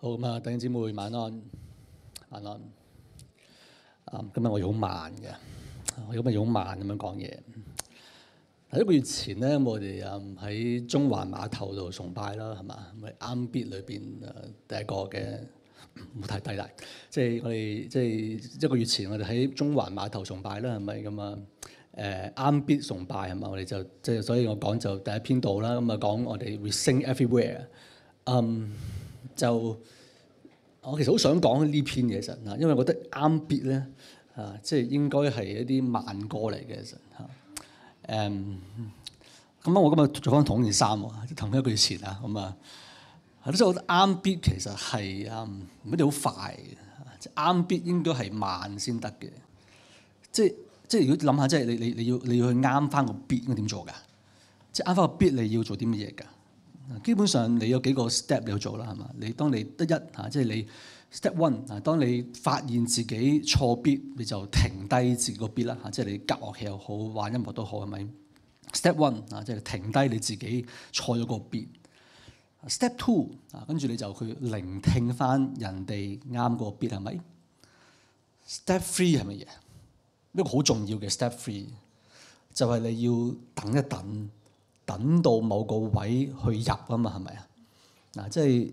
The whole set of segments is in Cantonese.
好咁啊！弟兄姊妹晚安，晚安。啊，今日我好慢嘅，我今日好慢咁樣講嘢。喺一個月前咧，我哋啊喺中環碼頭度崇拜啦，係嘛？咪啱 beat 裏邊第一個嘅，唔好太低啦。即係我哋即係一個月前，我哋喺中環碼頭崇拜啦，係咪咁啊？誒啱 beat 崇拜係嘛？我哋就即係所以我講就第一篇道啦。咁啊講我哋 we sing everywhere。嗯、um,。就我其實好想講呢篇嘢，其實嗱，因為我覺得啱 beat 咧啊，即係應該係一啲慢歌嚟嘅，其實嚇。咁、嗯、啊、嗯嗯，我今日做翻同一件衫喎，談同一句詞啊，咁、嗯、啊，即係我覺得啱 beat 其實係、嗯、啊，唔一定好快嘅，啱 beat 應該係慢先得嘅。即係即係如果諗下，即係你你你要你要去啱翻個 beat 應該點做㗎？即係啱翻個 beat 你要做啲乜嘢㗎？基本上你有幾個 step 要做啦，係嘛？你當你得一嚇，即係你 step one 啊，當你發現自己錯 beat，你就停低自己個 beat 啦嚇，即係你隔樂器又好，玩音樂都好，係咪？step one 啊，即係停低你自己錯咗個 beat。step two 啊，跟住你就去聆聽翻人哋啱個 beat，係咪？step three 係乜嘢？一個好重要嘅 step three 就係你要等一等。等到某個位去入啊嘛，係咪啊？嗱，即係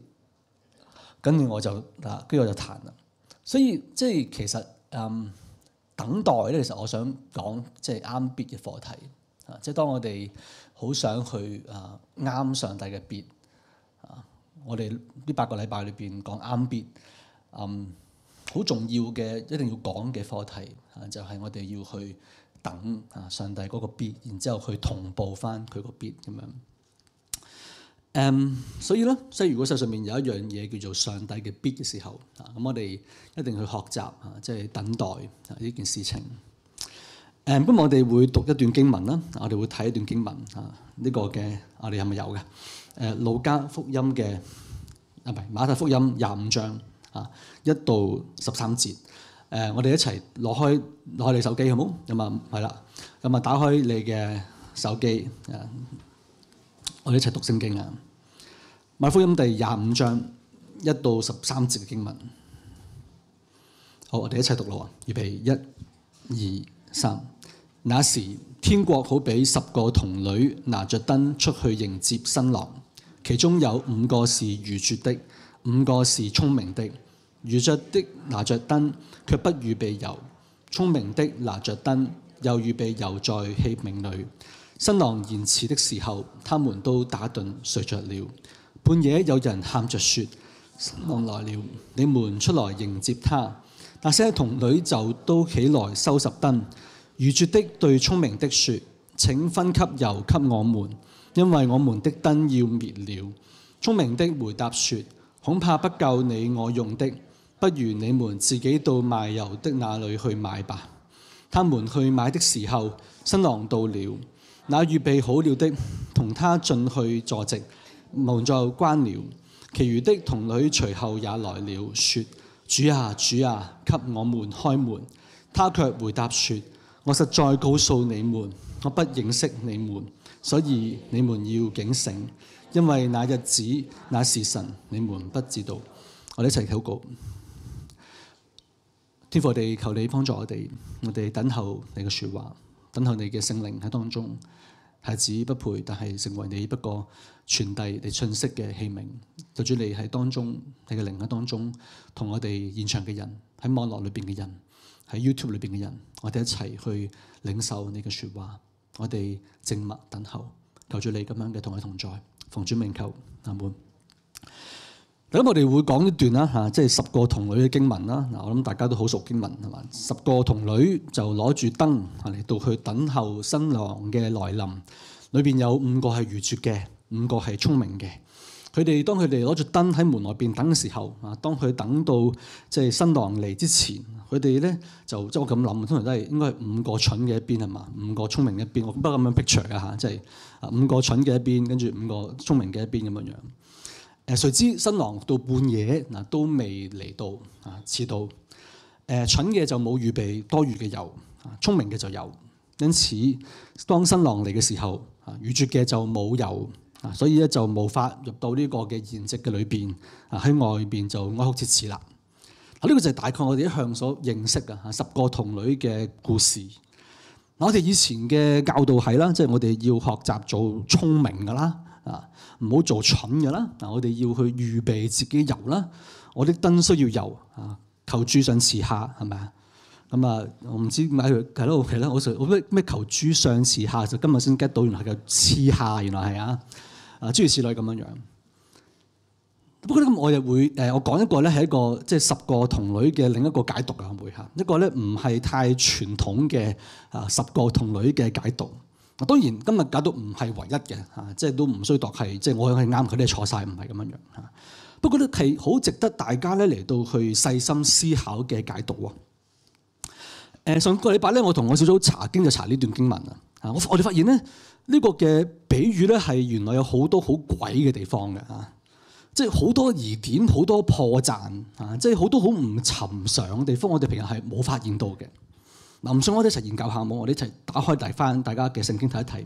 跟住我就嗱，啊，跟住我就彈啦。所以即係其實嗯等待咧，其實我想講即係啱別啱 beat 嘅課題啊。即係當我哋好想去啊啱上帝嘅 beat 啊，我哋呢八個禮拜裏邊講啱 beat 嗯好重要嘅一定要講嘅課題啊，就係、是、我哋要去。等啊，上帝嗰個 beat，然之後去同步翻佢個 beat 咁樣。誒、嗯，所以咧，即係如果世上面有一樣嘢叫做上帝嘅 beat 嘅時候，啊，咁我哋一定去學習啊，即係等待啊呢件事情。誒、嗯，不過我哋會讀一段經文啦，我哋會睇一段經文啊，呢、這個嘅我哋係咪有嘅？誒、啊，路加福音嘅啊，唔係馬太福音廿五章啊一到十三節。誒、呃，我哋一齊攞開攞你手機，好冇？咁、嗯、啊，係啦，咁啊，打開你嘅手機，誒、嗯，我哋一齊讀聖經啊，《馬太福音》第廿五章一到十三節嘅經文。好，我哋一齊讀啦喎，預備一、二、三。那時，天國好比十個童女拿着燈出去迎接新郎，其中有五個是愚拙的，五個是聰明的。愚拙的拿着燈，卻不預備油；聰明的拿着燈，又預備油在器皿裏。新郎言辭的時候，他們都打盹睡着了。半夜有人喊着說：新郎來了，你們出來迎接他。那些童女就都起來收拾燈。愚拙的對聰明的說：請分給油給我們，因為我們的燈要滅了。聰明的回答說：恐怕不夠你我用的。不如你們自己到賣油的那裏去買吧。他們去買的時候，新郎到了，那預備好了的同他進去坐席，門就關了。其餘的童女隨後也來了，說：主啊，主啊，給我們開門。他卻回答說：我實在告訴你們，我不認識你們，所以你們要警醒，因為那日子、那時辰你們不知道。我哋一齊禱告。天父地，我哋求你幫助我哋，我哋等候你嘅說話，等候你嘅聖靈喺當中，孩子不配，但係成為你，不過傳遞你信息嘅器皿。求主你喺當中，你嘅靈喺當中，同我哋現場嘅人，喺網絡裏邊嘅人，喺 YouTube 裏邊嘅人，我哋一齊去領受你嘅說話，我哋靜默等候。求主你咁樣嘅同我同在，奉主名求，阿門。咁我哋會講一段啦嚇，即係十個童女嘅經文啦。嗱，我諗大家都好熟經文係嘛？十個童女就攞住燈嚟到去等候新郎嘅來臨。裏邊有五個係愚拙嘅，五個係聰明嘅。佢哋當佢哋攞住燈喺門外邊等嘅時候，啊，當佢等到即係新郎嚟之前，佢哋咧就即係我咁諗，通常都係應該係五個蠢嘅一邊係嘛，五個聰明嘅一邊。我不過咁樣 picture 嘅吓，即係五個蠢嘅一邊，跟住五個聰明嘅一邊咁樣樣。誒，誰知新郎到半夜嗱，都未嚟到啊，遲到。誒，蠢嘅就冇預備多餘嘅油啊，聰明嘅就有。因此當新郎嚟嘅時候啊，愚拙嘅就冇油啊，所以咧就無法入到呢個嘅筵席嘅裏邊啊，喺外邊就哀哭切齒啦。啊，呢個就係大概我哋一向所認識嘅十個童女嘅故事。我哋以前嘅教導係啦，即係我哋要學習做聰明㗎啦。啊！唔好做蠢嘅啦！嗱，我哋要去預備自己油啦。我啲燈需要油，啊！求主上慈下，係咪啊？咁、嗯、啊，我唔知點解係咯，其實我咩咩求主上慈下，就今日先 get 到，原來叫「慈下，原來係啊！諸如此類咁樣、啊、類樣。不過咧，咁我亦會誒，我講一個咧係一個即係、就是、十個同類嘅另一個解讀啊，會嚇一個咧唔係太傳統嘅啊十個同類嘅解讀。嗱，當然今日搞到唔係唯一嘅嚇，即係都唔需度係，即係我係啱，佢哋錯晒，唔係咁樣樣嚇。不過咧係好值得大家咧嚟到去細心思考嘅解讀喎。誒上個禮拜咧，我同我小組查經就查呢段經文啊，嚇我我哋發現咧呢個嘅比喻咧係原來有好多好詭嘅地方嘅嚇，即係好多疑點、好多破綻啊，即係好多好唔尋常嘅地方，我哋平日係冇發現到嘅。林信，我哋一齊研究下冇，我哋一齊打開嚟翻大家嘅聖經睇一睇。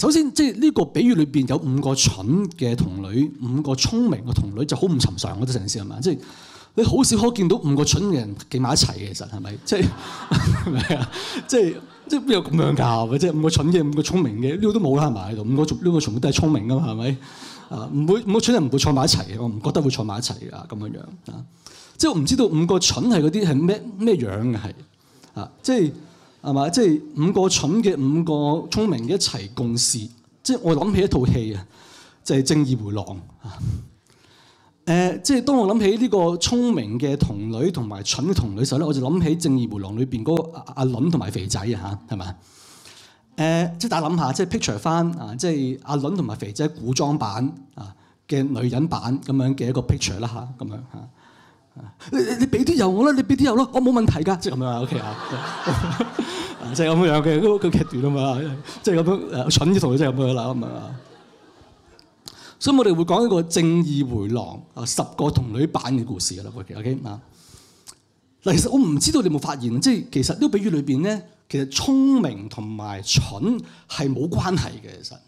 首先，即係呢個比喻裏邊有五個蠢嘅童女，五個聰明嘅童女就好唔尋常。我哋成件事係咪？即係你好少可見到五個蠢嘅人記埋一齊嘅，其實係咪？即係係咪啊？即係即係邊有咁樣㗎？即係 五個蠢嘅，五個聰明嘅呢個都冇啦，係咪？五個呢個全部都係聰明㗎嘛，係咪啊？唔會五個蠢人唔會坐埋一齊嘅，我唔覺得會坐埋一齊㗎咁樣啊。即係我唔知道五個蠢係嗰啲係咩咩樣嘅係。即係係嘛，即係五個蠢嘅，五個聰明嘅一齊共事，即係我諗起一套戲啊，就係、係《正義回廊、 呃呃》啊。誒，即係當我諗起呢個聰明嘅童女同埋蠢嘅童女時候咧，我就諗起《正義回廊》裏邊嗰個阿阿倫同埋肥仔啊，係咪？誒，即係大家諗下，即係 picture 翻啊，即係阿倫同埋肥仔古裝版啊嘅女人版咁樣嘅一個 picture 啦、啊、嚇，咁樣嚇。你你俾啲油我啦，你俾啲油啦，我冇問題噶。即係咁樣啊，O K 啊，即係咁樣嘅嗰個劇段啊嘛，即係咁樣誒，蠢啲同女即係咁樣啦咁啊。Okay? 所以我哋會講一個正義回廊啊，十個同女版嘅故事啦，O K 啊。嗱、okay?，其實我唔知道你有冇發現，即係其實呢個比喻裏邊咧，其實聰明同埋蠢係冇關係嘅，其實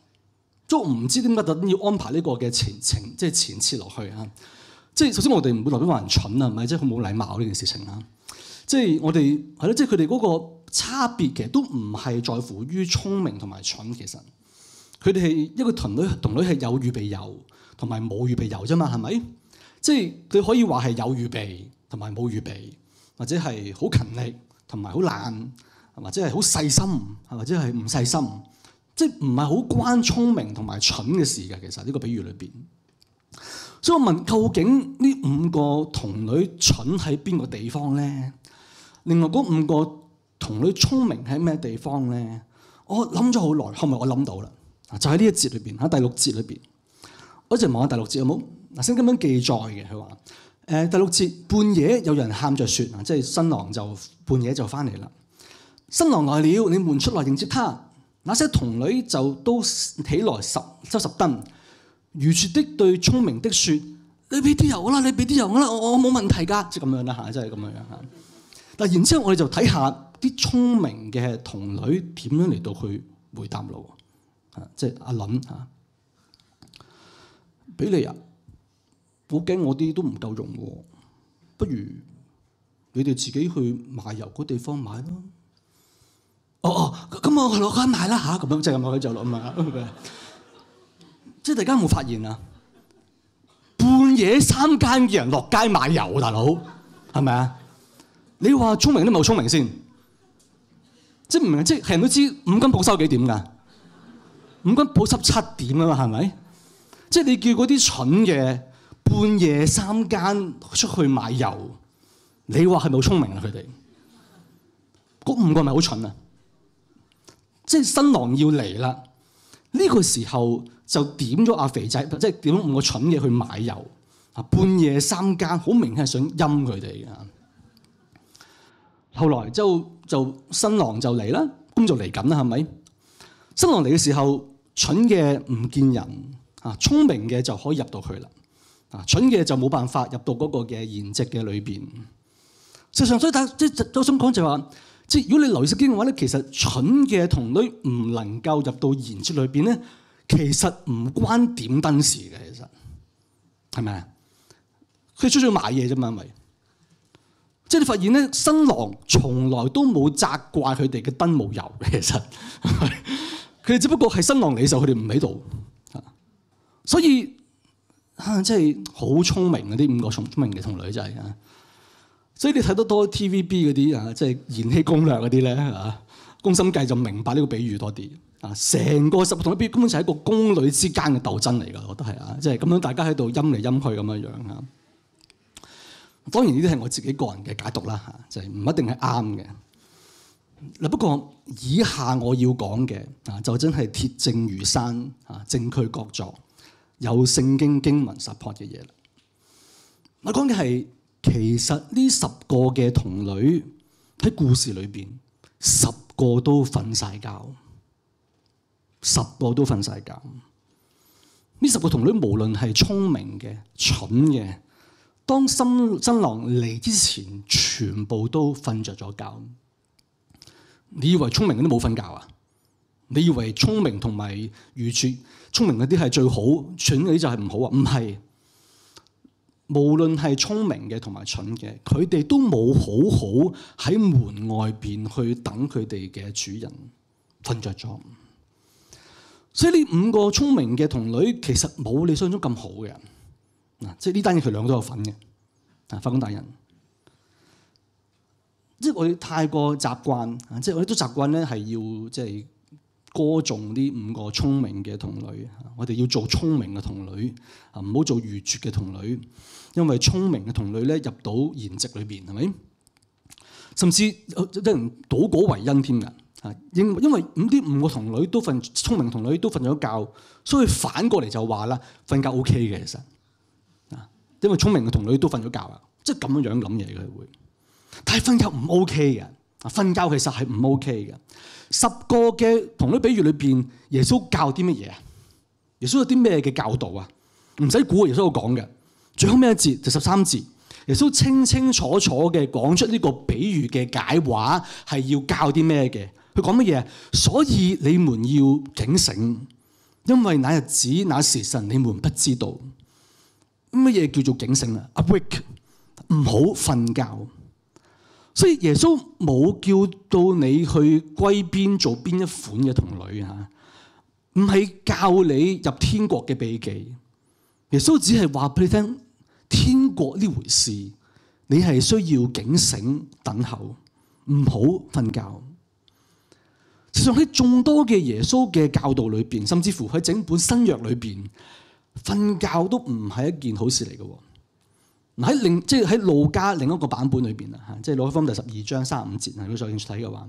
都唔知點解特登要安排呢個嘅前程，即係前設落去啊。即係首先，我哋唔會代表話人蠢啊，係咪？即係好冇禮貌呢件事情啦。即係我哋係咯，即係佢哋嗰個差別其實都唔係在乎於聰明同埋蠢。其實佢哋係一個童女同童女係有預備油同埋冇預備油啫嘛，係咪？即係佢可以話係有預備同埋冇預備，或者係好勤力同埋好懶，或者係好細心，或者係唔細心。即係唔係好關聰明同埋蠢嘅事嘅？其實呢個比喻裏邊。所以我問究竟呢五個童女蠢喺邊個地方咧？另外嗰五個童女聰明喺咩地方咧？我諗咗好耐，後咪我諗到啦。就喺呢一節裏邊，喺第六節裏邊，我一直望下第六節有冇？嗱先咁樣記載嘅，佢話誒，第六節半夜有人喊着説啊，即係新郎就半夜就返嚟啦。新郎來了，你們出來迎接他。那些童女就都起來收，收拾燈。愚拙的對聰明的説：你俾啲油啦，你俾啲油啦，我我冇問題㗎。即係咁樣啦嚇，即係咁樣嚇。 但係然之後，我哋就睇下啲聰明嘅童女點樣嚟到去回答咯。即係阿林嚇，俾你油。我驚我啲都唔夠用喎。不如你哋自己去賣油嗰地方買啦。哦哦，咁我攞關買啦嚇。咁、嗯、樣即係咁樣去做咯啊。即係大家有冇發現啊？半夜三更嘅人落街買油，大佬係咪啊？你話聰明都冇咪聰明先？即係唔明，即係人都知五金保修幾點㗎？五金保濕七點啦嘛，係咪？即係你叫嗰啲蠢嘅半夜三更出去買油，你話係冇好聰明啊？佢哋嗰五個係咪好蠢啊？即係新郎要嚟啦，呢個時候。就點咗阿肥仔，即係點咗五個蠢嘢去買油啊！半夜三更，好明顯係想陰佢哋嘅。後來就就新郎就嚟啦，工作嚟緊啦，係咪？新郎嚟嘅時候，蠢嘅唔見人啊，聰明嘅就可以入到去啦啊，蠢嘅就冇辦法入到嗰個嘅筵席嘅裏邊。事實上，所以大即係都想講就話，即係如果你留聖經嘅話咧，其實蠢嘅童女唔能夠入到筵席裏邊咧。其實唔關點燈事嘅，其實係咪啊？佢最主要買嘢啫嘛，咪？即係你發現咧，新郎從來都冇責怪佢哋嘅燈冇油，其實佢哋只不過係新郎嚟嘅時候佢哋唔喺度，所以啊，即係好聰明嗰啲五個聰明嘅童女仔、就、啊、是，所以你睇得多 TVB 嗰啲啊，即係延禧攻略嗰啲咧啊，宮心計就明白呢個比喻多啲。啊！成個十個童女篇，根本就係一個宮女之間嘅鬥爭嚟噶。我覺得係啊，即係咁樣，大家喺度陰嚟陰去咁樣樣啊。當然呢啲係我自己個人嘅解讀啦，嚇就係、是、唔一定係啱嘅嗱。不過以下我要講嘅啊，就真係鐵證如山啊，證據確鑿，有聖經經文 support 嘅嘢啦。我講嘅係其實呢十個嘅童女喺故事裏邊，十個都瞓晒覺。十個都瞓晒覺，呢十個童女無論係聰明嘅、蠢嘅，當新新郎嚟之前，全部都瞓着咗覺。你以為聰明嗰啲冇瞓覺啊？你以為聰明同埋愚拙聰明嗰啲係最好，蠢嗰啲就係唔好啊？唔係，無論係聰明嘅同埋蠢嘅，佢哋都冇好好喺門外邊去等佢哋嘅主人瞓着咗。所以呢五個聰明嘅童女其實冇你想象中咁好嘅人，嗱，即係呢單嘢佢兩個都有份嘅，啊，法官大人，即係我哋太過習慣，即係我哋都習慣咧係要即係、就是、歌頌呢五個聰明嘅童女，我哋要做聰明嘅童女，啊，唔好做愚拙嘅童女，因為聰明嘅童女咧入到筵席裏邊，係咪？甚至有啲人倒果為因添㗎！啊，因因為五啲五個童女都瞓，聰明童女都瞓咗覺，所以反過嚟就話啦，瞓覺 O K 嘅其實，啊，因為聰明嘅童女都瞓咗覺啊，即係咁樣樣諗嘢佢會，但係瞓覺唔 O K 嘅，啊，瞓覺其實係唔 O K 嘅。十個嘅童女比喻裏邊，耶穌教啲乜嘢啊？耶穌有啲咩嘅教導啊？唔使估，耶穌有講嘅，最後咩一節就十三節，耶穌清清楚楚嘅講出呢個比喻嘅解話係要教啲咩嘅？佢講乜嘢？所以你們要警醒，因為那日子那時辰你們不知道。乜嘢叫做警醒啊。Awake，唔好瞓覺。所以耶穌冇叫到你去歸邊做邊一款嘅童女吓，唔係教你入天國嘅秘技。耶穌只係話俾你聽，天國呢回事，你係需要警醒等候，唔好瞓覺。事實上喺眾多嘅耶穌嘅教導裏邊，甚至乎喺整本新約裏邊，瞓覺都唔係一件好事嚟嘅。嗱，喺另即係喺路加另一個版本裏邊啊，即係路加福音第十二章三五節啊，如果想睇嘅話，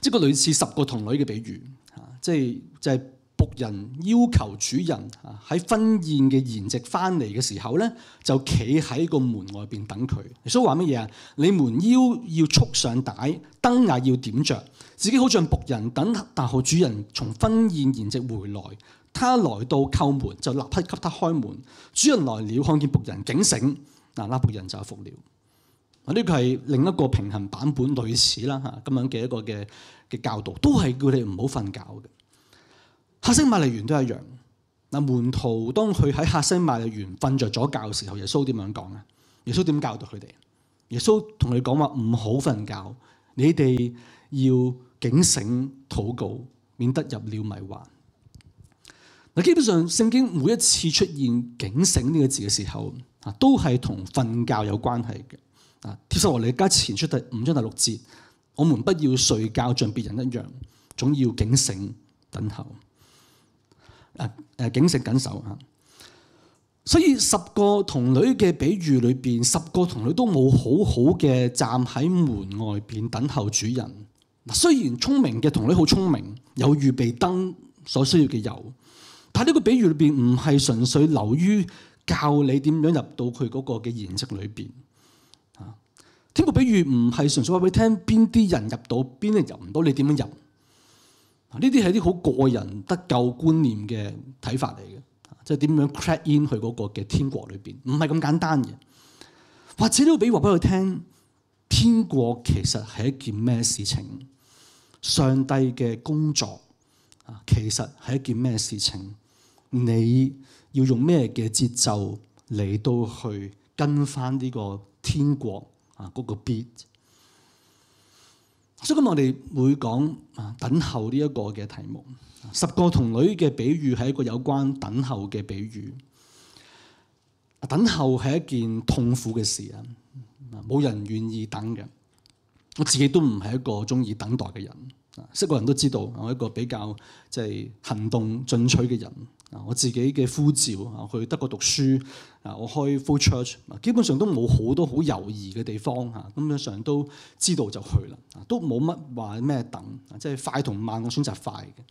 即、這、係個類似十個童女嘅比喻啊，即係就係、是、僕人要求主人啊喺婚宴嘅筵席翻嚟嘅時候咧，就企喺個門外邊等佢。耶穌話乜嘢啊？你們腰要束上帶，燈啊要點着。自己好像僕人等大號主人從婚宴筵席回來，他來到叩門就立刻給他開門。主人來了，看見僕人警醒，嗱拉僕人就服了。呢、這個係另一個平衡版本類似啦吓，咁樣嘅一個嘅嘅教導，都係叫你唔好瞓覺嘅。客西馬尼園都一樣。嗱，門徒當佢喺客西馬尼園瞓着咗覺嘅時候，耶穌點樣講啊？耶穌點教導佢哋？耶穌同你講話唔好瞓覺，你哋要警醒禱告，免得入了迷惑。嗱，基本上聖經每一次出現警醒呢個字嘅時候啊，都係同瞓覺有關係嘅。啊，帖撒羅尼迦前書第五章第六節，我們不要睡覺像別人一樣，總要警醒等候。誒、啊、誒，警醒謹守啊、呃、啊！所以十個童女嘅比喻裏邊，十個童女都冇好好嘅站喺門外邊等候主人。雖然聰明嘅童女好聰明，有預備燈所需要嘅油，但係呢個比喻裏邊唔係純粹留於教你點樣入到佢嗰個嘅形式裏邊。啊，天國比喻唔係純粹話俾你聽邊啲人入到，邊啲入唔到，你點樣入？呢啲係啲好個人得救觀念嘅睇法，嚟嘅，即係點樣 creak in 去嗰個嘅天國裏邊，唔係咁簡單嘅。或者呢個比喻話俾佢聽，天國其實係一件咩事情？上帝嘅工作啊，其實係一件咩事情？你要用咩嘅節奏嚟到去跟翻呢個天國啊嗰個 beat？所以我哋會講啊，等候呢一個嘅題目，十個童女嘅比喻係一個有關等候嘅比喻。等候係一件痛苦嘅事啊，冇人願意等嘅。我自己都唔係一個中意等待嘅人，啊，識個人都知道我一個比較即係行動進取嘅人。啊，我自己嘅呼召啊，去德國讀書啊，我開 flow church，基本上都冇好多好猶豫嘅地方嚇，咁樣上都知道就去啦，都冇乜話咩等，即係快同慢我選擇快嘅。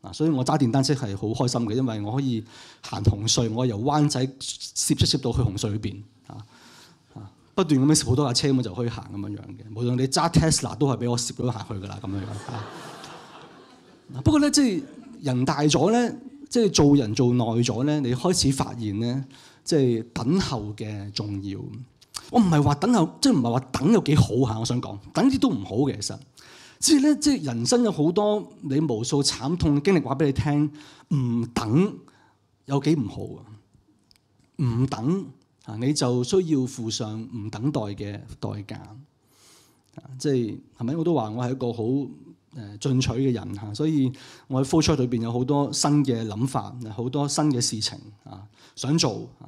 啊，所以我揸電單車係好開心嘅，因為我可以行紅隧，我由灣仔攝一攝到去紅隧裏邊。不斷咁樣攝好多架車，咁就可以行咁樣樣嘅，無論你揸 Tesla 都係俾我攝咗行去噶啦咁樣樣。 不過咧，即係人大咗咧，即係做人做耐咗咧，你開始發現咧，即係等候嘅重要。我唔係話等候，即係唔係話等有幾好嚇。我想講等啲都唔好嘅，其實。所以咧，即係人生有好多你無數慘痛經歷話俾你聽，唔等有幾唔好啊？唔等。啊！你就需要付上唔等待嘅代價，即係係咪？我都話我係一個好誒進取嘅人嚇，所以我喺 flow church 裏邊有好多新嘅諗法，好多新嘅事情啊，想做啊。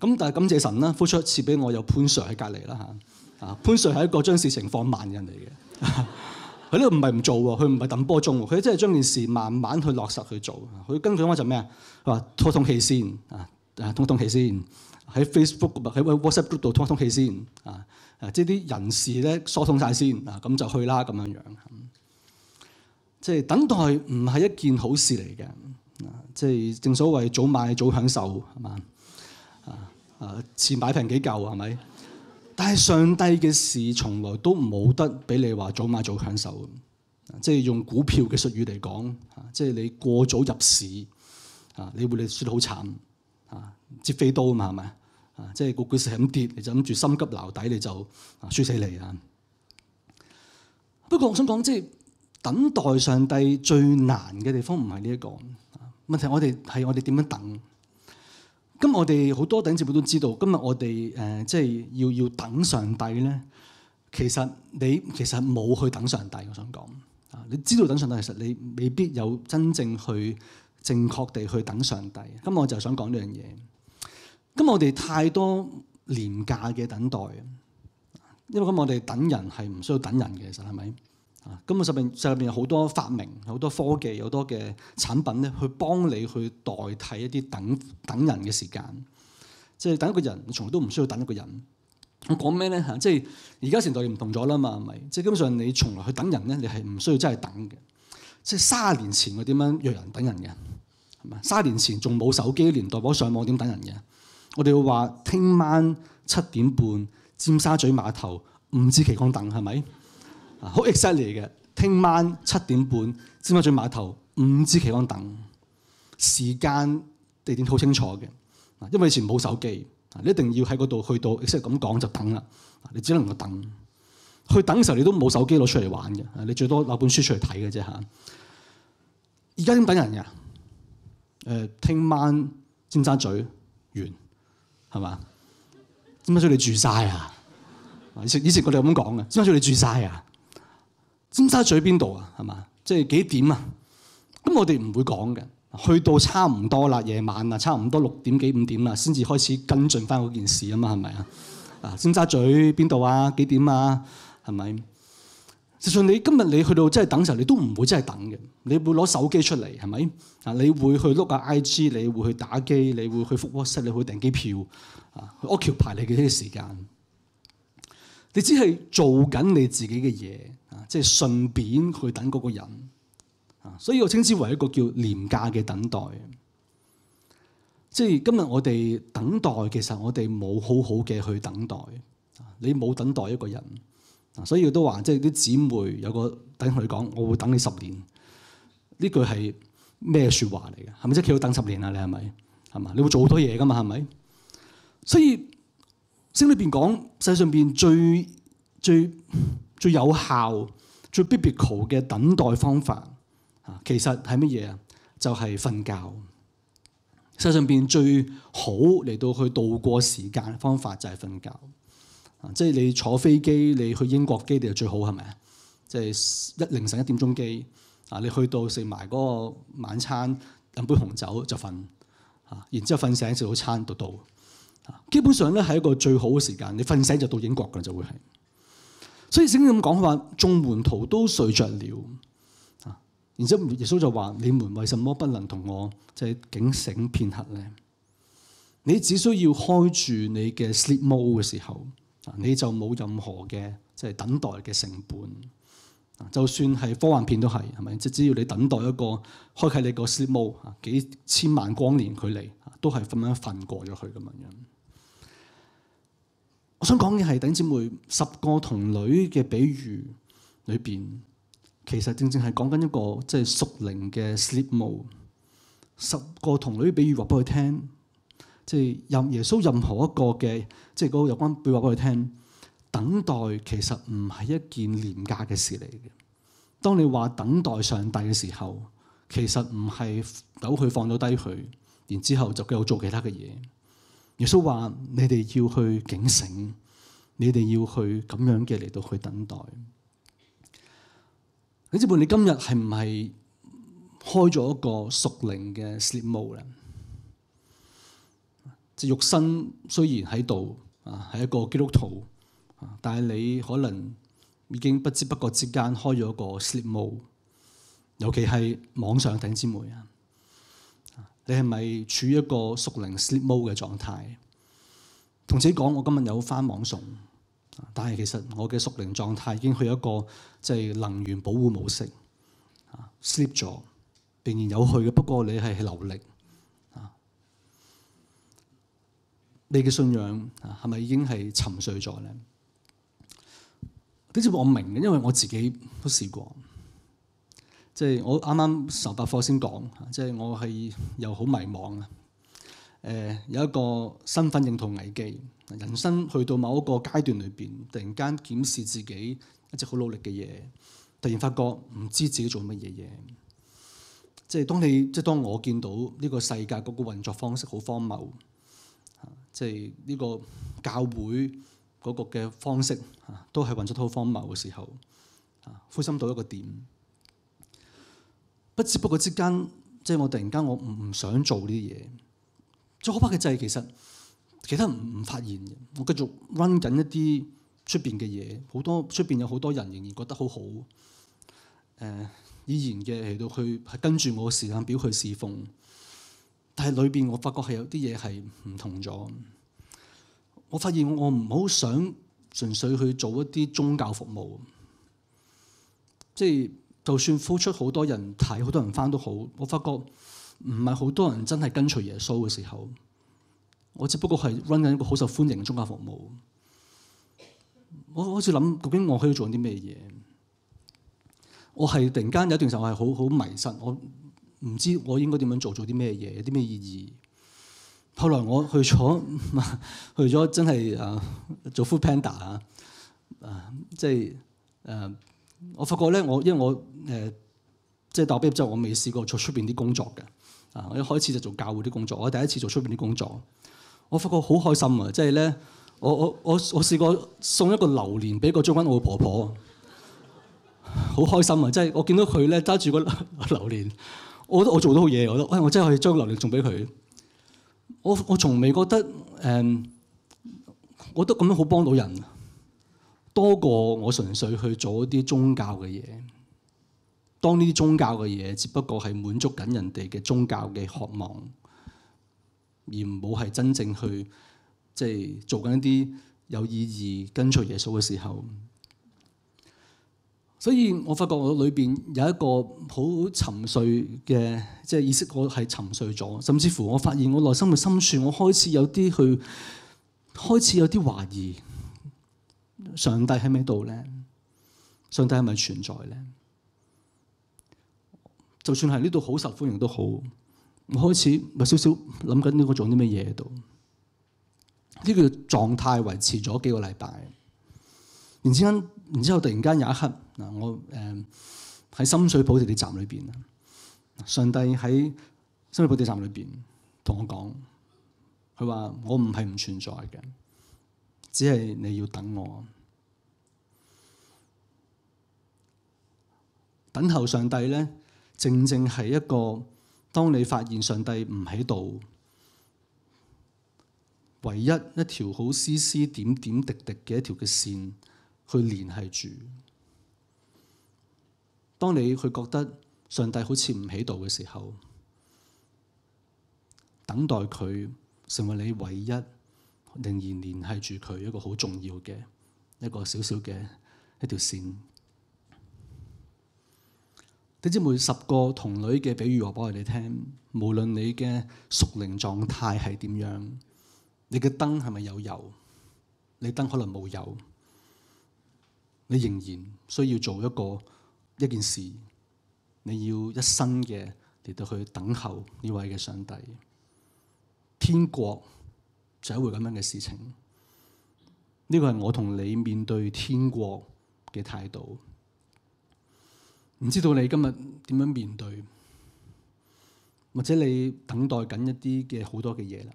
咁但係感謝神啦、啊，flow church 賜俾我有潘 Sir 喺隔籬啦嚇。啊， 潘 Sir 係一個將事情放慢人嚟嘅。佢呢度唔係唔做喎，佢唔係等波鐘，佢真係將件事慢慢去落實去做。佢根據我就咩啊？佢話拖通氣先啊，通通氣先。喺 Facebook 喺 WhatsApp group 度通通氣先啊！即係啲人事咧疏通晒先啊，咁就去啦咁樣樣。即係等待唔係一件好事嚟嘅。即係正所謂早買早享受係嘛？啊啊錢買平幾嚿係咪？但係上帝嘅事從來都冇得俾你話早買早享受。啊、早早享受即係用股票嘅術語嚟講，即係你過早入市啊，你會你輸得好慘。接飛刀啊嘛，係咪啊？即係個股市係咁跌，你就諗住心急撈底，你就輸死你啊！不過我想講，即係等待上帝最難嘅地方唔係呢一個問題，我哋係我哋點樣等？今日我哋好多頂住本都知道，今日我哋誒即係要要等上帝咧。其實你其實冇去等上帝，我想講啊，你知道等上帝，其實你未必有真正去正確地去等上帝。咁我就想講呢樣嘢。咁我哋太多廉價嘅等待，因為咁我哋等人係唔需要等人嘅，其實係咪？啊，根本實入實入邊有好多發明、好多科技、好多嘅產品咧，去幫你去代替一啲等等人嘅時間，即係等一個人，從來都唔需要等一個人。我講咩咧嚇？即係而家時代唔同咗啦嘛，係咪？即係基本上你從來去等人咧，你係唔需要真係等嘅。即係卅年前佢點樣約人等人嘅，係咪？卅年前仲冇手機年代，冇上網點等人嘅？我哋會話聽晚七點半，尖沙咀碼頭五支旗桿等，係咪好 exactly 嚟嘅？聽 晚七點半，尖沙咀碼頭五支旗桿等，時間地點好清楚嘅，因為以前冇手機，你一定要喺嗰度去到 exactly 咁講就等啦。你只能夠等去等嘅時候，你都冇手機攞出嚟玩嘅，你最多攞本書出嚟睇嘅啫嚇。而家點等人㗎？誒、呃，聽晚尖沙咀完。係嘛？點解要你住晒啊？以前以前我哋咁講嘅，點解要你住晒啊？尖沙咀邊度啊？係嘛？即係幾點啊？咁我哋唔會講嘅。去到差唔多啦，夜晚啦，差唔多六點幾五點啦，先至開始跟進翻嗰件事啊嘛？係咪啊？啊，尖沙咀邊度啊？幾點啊？係咪？就算你今日你去到真係等的時候，你都唔會真係等嘅。你會攞手機出嚟，係咪啊？你會去 look 個 I G，你會去打機，你會去覆 WhatsApp，你會訂機票，啊，去 occupy 你嘅啲時間。你只係做緊你自己嘅嘢啊，即係順便去等嗰個人啊。所以我稱之為一個叫廉價嘅等待。即係今日我哋等待，其實我哋冇好好嘅去等待。你冇等待一個人。所以都話，即係啲姊妹有個等佢講，我會等你十年。呢句係咩説話嚟嘅？係咪即係佢要等十年啊？你係咪？係嘛？你會做好多嘢噶嘛？係咪？所以聖經裏邊講世上邊最最最有效最 biblical 嘅等待方法啊，其實係乜嘢啊？就係瞓覺。世上邊最好嚟到去度過時間方法就係瞓覺。即係你坐飛機，你去英國基地就最好係咪啊？即係、就是、一凌晨一點鐘機，啊你去到食埋嗰個晚餐，飲杯紅酒就瞓，啊然之後瞓醒食早餐就到，啊基本上咧係一個最好嘅時間，你瞓醒就到英國㗎就會係。所以先咁講話，眾門徒都睡着了，啊然之後耶穌就話：你們為什麼不能同我就是、警醒片刻咧？你只需要開住你嘅 sleep mode 嘅時候，你就冇任何嘅即係等待嘅成本，就算係科幻片都係，係咪？即只要你等待一個開啟你個 sleep mode 幕，幾千萬光年距離都係咁樣瞓過咗去咁樣。我想講嘅係頂姊妹十個童女嘅比喻裏邊，其實正正係講緊一個即係屬靈嘅 sleep mode 十個童女比喻話俾佢聽。即係任耶穌任何一個嘅，即係嗰個有關對話俾佢聽。等待其實唔係一件廉價嘅事嚟嘅。當你話等待上帝嘅時候，其實唔係攪佢放咗低佢，然之後就繼續做其他嘅嘢。耶穌話：你哋要去警醒，你哋要去咁樣嘅嚟到去等待。你知唔知，你，你今日係唔係開咗一個屬靈嘅 Sleep Mode 咧？即肉身雖然喺度啊，係一個基督徒，但係你可能已經不知不覺之間開咗個 sleep mode，尤其係網上頂姊妹啊，你係咪處於一個熟齡 sleep mode 嘅狀態？同自己講，我今日有返網崇，但係其實我嘅熟齡狀態已經去一個即係能源保護模式啊，sleep 咗，仍然有去嘅，不過你係留力。你嘅信仰係咪已經係沉睡咗咧？點知我明嘅，因為我自己都試過，即係我啱啱上白課先講，即係我係又好迷茫啊。誒、呃，有一個身份認同危機，人生去到某一個階段裏邊，突然間檢視自己一直好努力嘅嘢，突然發覺唔知自己做乜嘢嘢。即係當你即係當我見到呢個世界嗰個運作方式好荒謬。即係呢個教會嗰個嘅方式，啊、都係運作得好荒謬嘅時候，灰、啊、心到一個點。不知不覺之間，即係我突然間我唔唔想做呢啲嘢。最可怕嘅就係其實其他人唔發現，我繼續 run 緊一啲出面嘅嘢，好多出面有好多人仍然覺得好好。誒、呃，依然嘅嚟到去跟住我嘅時間表去侍奉。但係裏邊我發覺係有啲嘢係唔同咗。我發現我唔好想純粹去做一啲宗教服務，即係就算付出好多人睇、好多人翻都好，我發覺唔係好多人真係跟隨耶穌嘅時候，我只不過係 run 緊一個好受歡迎嘅宗教服務。我開始諗究竟我可以做啲咩嘢？我係突然間有一段時候係好好迷失我。唔知我應該點樣做，做啲咩嘢，有啲咩意義？後來我去咗，去咗真係誒、呃、做 foodpanda 啊，即係誒、呃、我發覺咧，我因為我誒、呃、即係大學畢業之後，我未試過做出邊啲工作嘅。啊，我一開始就做教會啲工作，我第一次做出邊啲工作，我發覺好開心啊！即係咧，我我我我試過送一個榴蓮俾個將軍澳婆婆，好 開心啊！即係我見到佢咧揸住個榴蓮。 榴蓮我覺得我做得好嘢，我覺得，餵我真係可以將個能力送俾佢。我我從未覺得誒、嗯，我覺得咁樣好幫到人，多過我純粹去做一啲宗教嘅嘢。當呢啲宗教嘅嘢只不過係滿足緊人哋嘅宗教嘅渴望，而唔好係真正去即係、就是、做緊一啲有意義跟隨耶穌嘅時候。所以我發覺我裏邊有一個好沉睡嘅，即係意識我係沉睡咗，甚至乎我發現我內心嘅深處，我開始有啲去，開始有啲懷疑，上帝喺咩度咧？上帝係咪存在咧？就算係呢度好受歡迎都好，我開始有少少諗緊呢個做啲咩嘢喺度？呢個狀態維持咗幾個禮拜，然之後然之後突然間有一刻。我誒喺、嗯、深水埗地鐵站裏邊，上帝喺深水埗地鐵站裏邊同我講，佢話：我唔係唔存在嘅，只係你要等我。等候上帝咧。正正係一個，當你發現上帝唔喺度，唯一一條好絲絲點點滴滴嘅一條嘅線去聯繫住。當你會覺得上帝好似唔喺度嘅時候，等待佢成為你唯一仍然聯繫住佢一個好重要嘅一個小小嘅一條線。點知每十個同類嘅比喻話畀我哋聽。無論你嘅屬靈狀態係點樣，你嘅燈係咪有油？你燈可能冇油，你仍然需要做一個。一件事，你要一生嘅嚟到去等候呢位嘅上帝，天國就會咁樣嘅事情。呢個係我同你面對天國嘅態度。唔知道你今日點樣面對，或者你等待緊一啲嘅好多嘅嘢啦，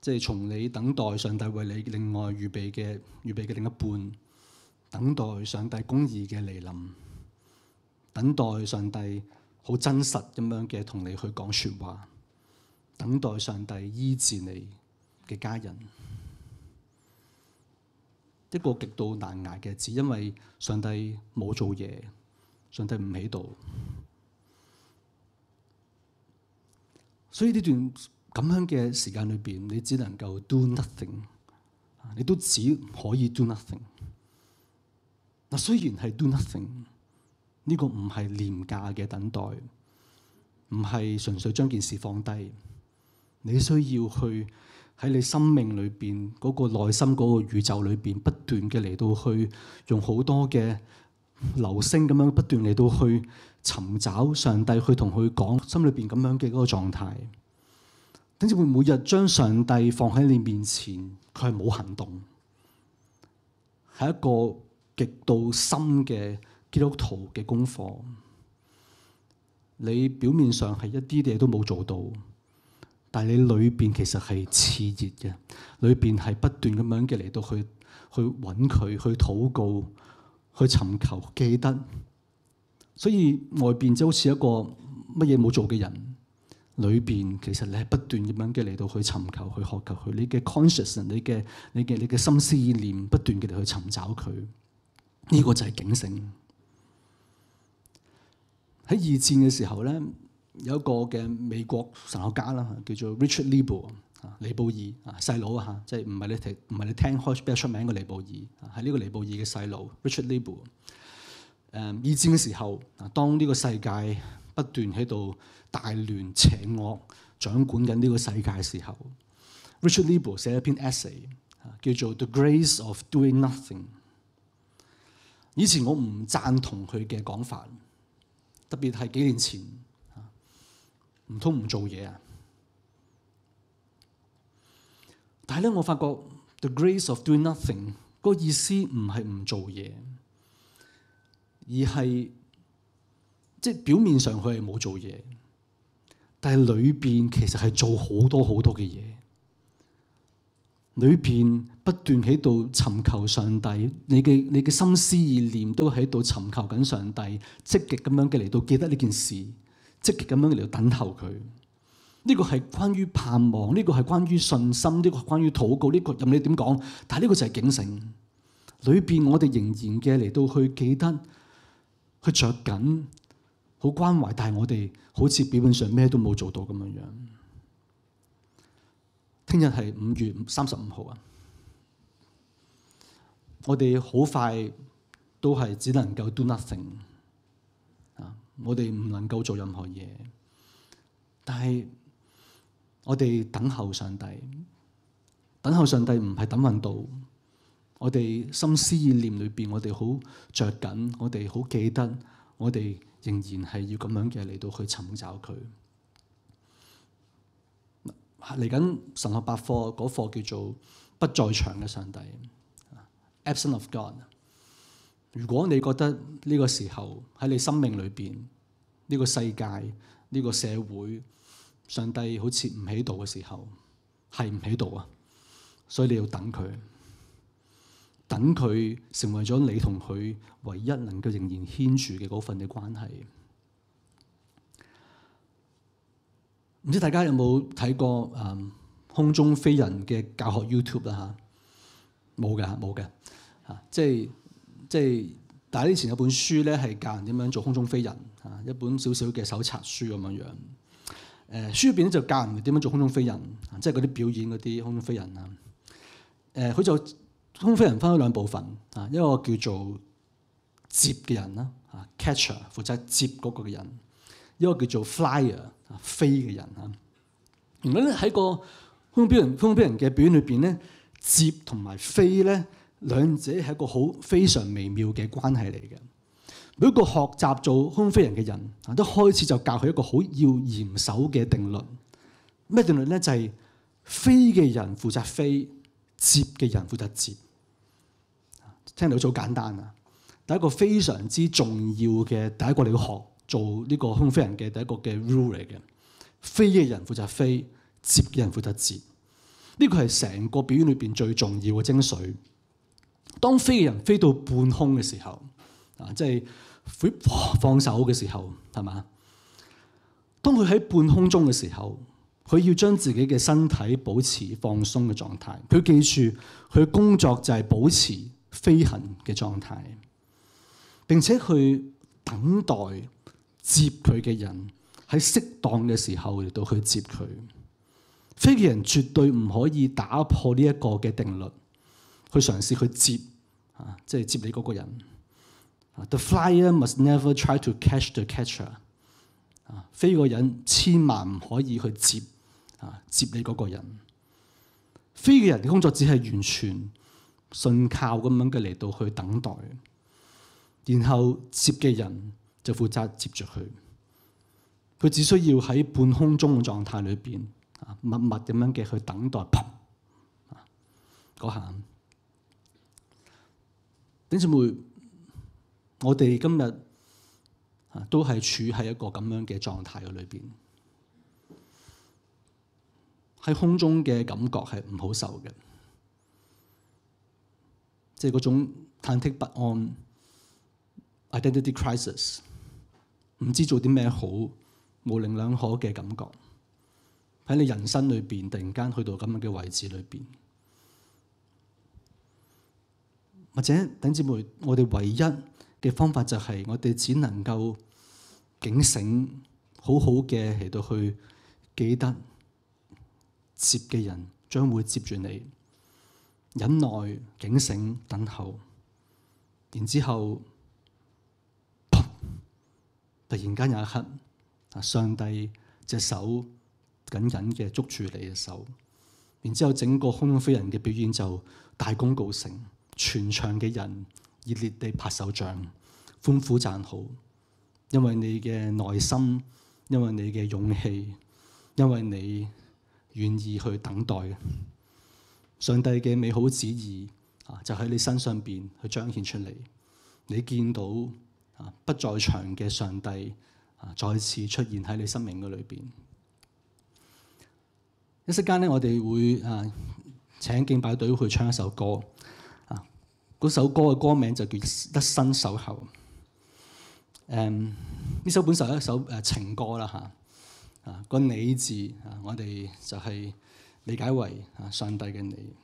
即係從你等待上帝為你另外預備嘅預備嘅另一半。等待上帝公義嘅嚟臨，等待上帝好真實咁樣嘅同你去講說話，等待上帝醫治你嘅家人，一個極度難挨嘅字，因為上帝冇做嘢，上帝唔喺度，所以呢段咁樣嘅時間裏邊，你只能夠 do nothing，你都只可以 do nothing。嗱，雖然係 do nothing，呢個唔係廉價嘅等待，唔係純粹將件事放低，你需要去喺你生命裏邊嗰個內心嗰個宇宙裏邊不斷嘅嚟到去用好多嘅流星咁樣不斷嚟到去尋找上帝去同佢講心裏邊咁樣嘅嗰個狀態，等住會每日將上帝放喺你面前，佢係冇行動，係一個。極度深嘅基督徒嘅功課，你表面上係一啲嘢都冇做到，但係你裏邊其實係熾熱嘅，裏邊係不斷咁樣嘅嚟到去去揾佢，去禱告去，去尋求，記得。所以外邊就好似一個乜嘢冇做嘅人，裏邊其實你係不斷咁樣嘅嚟到去尋求，去學習佢。你嘅 consciousness，你嘅你嘅你嘅心思意念不斷嘅嚟去尋找佢。呢個就係警醒。喺二戰嘅時候咧，有一個嘅美國神學家啦，叫做 Richard Niebuhr 啊，弟弟啊尼布爾啊，細佬啊，嚇，即係唔係你聽唔係你聽開比較出名嘅尼布爾啊，喺呢個尼布爾嘅細佬 Richard Niebuhr 誒，二戰嘅時候，當呢個世界不斷喺度大亂邪惡掌管緊呢個世界嘅時候，Richard Niebuhr 寫咗篇 Essay 叫做《The Grace of Doing Nothing》。以前我唔贊同佢嘅講法，特別係幾年前，唔通唔做嘢啊？但係咧，我發覺 the grace of doing nothing 個意思唔係唔做嘢，而係即係表面上佢係冇做嘢，但係裏邊其實係做好多好多嘅嘢。裏邊不斷喺度尋求上帝，你嘅你嘅心思意念都喺度尋求緊上帝，積極咁樣嘅嚟到記得呢件事，積極咁樣嚟到等候佢。呢個係關於盼望，呢個係關於信心，呢個關於禱告，呢個任你點講，但係呢個就係警醒。裏邊我哋仍然嘅嚟到去記得，去着緊，好關懷，但係我哋好似表面上咩都冇做到咁樣樣。聽日係五月三十五號啊！我哋好快都係只能夠 do nothing 啊！我哋唔能夠做任何嘢，但係我哋等候上帝。等候上帝唔係等運到。我哋心思意念裏邊，我哋好着緊，我哋好記得，我哋仍然係要咁樣嘅嚟到去尋找佢。嚟緊神學百科嗰課叫做不在場嘅上帝 （absence of God）。如果你覺得呢個時候喺你生命裏邊，呢個世界、呢個社會，上帝好似唔喺度嘅時候，係唔喺度啊，所以你要等佢，等佢成為咗你同佢唯一能夠仍然牽住嘅嗰份嘅關係。唔知大家有冇睇過誒空中飛人嘅教學 YouTube 啦、啊、嚇？冇嘅，冇嘅。嚇、啊，即係即係，但係以前有本書咧，係教人點樣做空中飛人嚇、啊，一本少少嘅手冊書咁樣樣。誒、啊、書入邊咧就教人點樣做空中飛人、啊、即係嗰啲表演嗰啲空中飛人啊。誒佢就空中飛人分咗兩部分啊，一個叫做接嘅人啦嚇、啊、catcher 負責接嗰個嘅人。一個叫做 flyer 啊飛嘅人啊，然後咧喺個空飛人空飛人嘅表演裏邊咧，接同埋飛咧兩者係一個好非常微妙嘅關係嚟嘅。每一個學習做空飛人嘅人啊，都開始就教佢一個好要嚴守嘅定律。咩定律咧？就係、是、飛嘅人負責飛，接嘅人負責接。聽到好簡單啊，第一個非常之重要嘅第一個你要學。做呢個空飛人嘅第一個嘅 rule 嚟嘅，飛嘅人負責飛，接嘅人負責接。呢個係成個表演裏邊最重要嘅精髓。當飛嘅人飛到半空嘅時候，啊，即係放手嘅時候，係嘛？當佢喺半空中嘅時候，佢要將自己嘅身體保持放鬆嘅狀態。佢記住，佢工作就係保持飛行嘅狀態，並且佢等待。接佢嘅人喺適當嘅時候嚟到去接佢。飛嘅人絕對唔可以打破呢一個嘅定律，去嘗試去接啊，即係接你嗰個人。The flyer must never try to catch the catcher。啊，飛個人千萬唔可以去接啊，接你嗰個人。飛嘅人嘅工作只係完全信靠咁樣嘅嚟到去等待，然後接嘅人就負責接住佢，佢只需要喺半空中嘅狀態裏邊，默默咁樣嘅去等待，砰！嗰下，等住會。我哋今日都係處喺一個咁樣嘅狀態嘅裏邊，喺空中嘅感覺係唔好受嘅，即係嗰種忐忑不安。identity crisis。唔知做啲咩好，模棱兩可嘅感覺，喺你人生裏邊突然間去到咁樣嘅位置裏邊，或者等姊妹，我哋唯一嘅方法就係我哋只能夠警醒，好好嘅嚟到去記得接嘅人將會接住你，忍耐、警醒、等候，然之後。突然間有一刻，啊！上帝隻手緊緊嘅捉住你嘅手，然之後整個空中飛人嘅表演就大功告成，全場嘅人熱烈地拍手掌、歡呼讚好，因為你嘅耐心，因為你嘅勇氣，因為你願意去等待，嗯、上帝嘅美好旨意啊，就喺你身上邊去彰顯出嚟。你見到。不在場嘅上帝啊，再次出現喺你生命嘅裏邊。一息間咧，我哋會啊請敬拜隊去唱一首歌啊。嗰首歌嘅歌名就叫《一生守候》。誒、嗯，呢首本就係一首誒情歌啦嚇。啊、那個，個你字啊，我哋就係理解為啊上帝嘅你，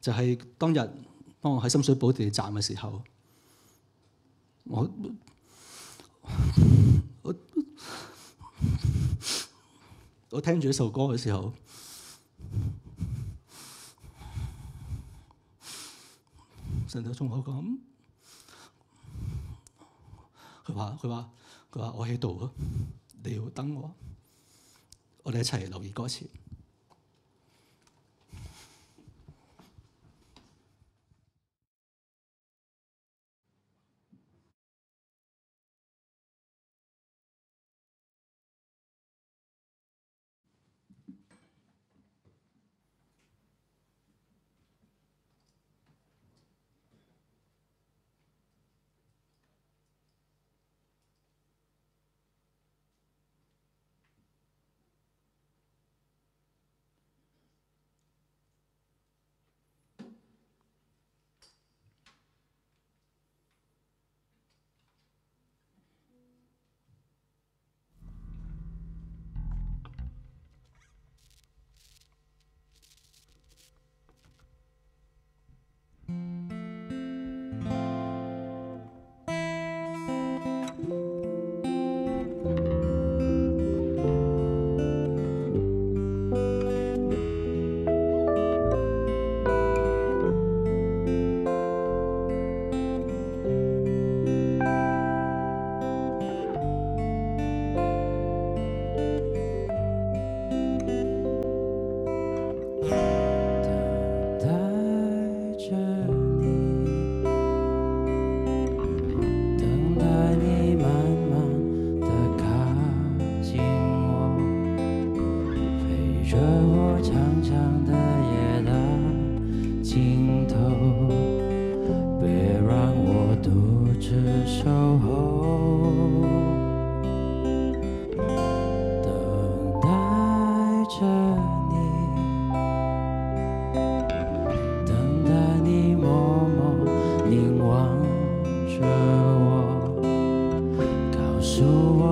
就係、是、當日幫我喺深水埗地鐵站嘅時候。我我我聽住一首歌嘅時候，成日仲講佢話佢話佢話我喺度咯，你要等我，我哋一齊留意歌詞。望着我，告訴我。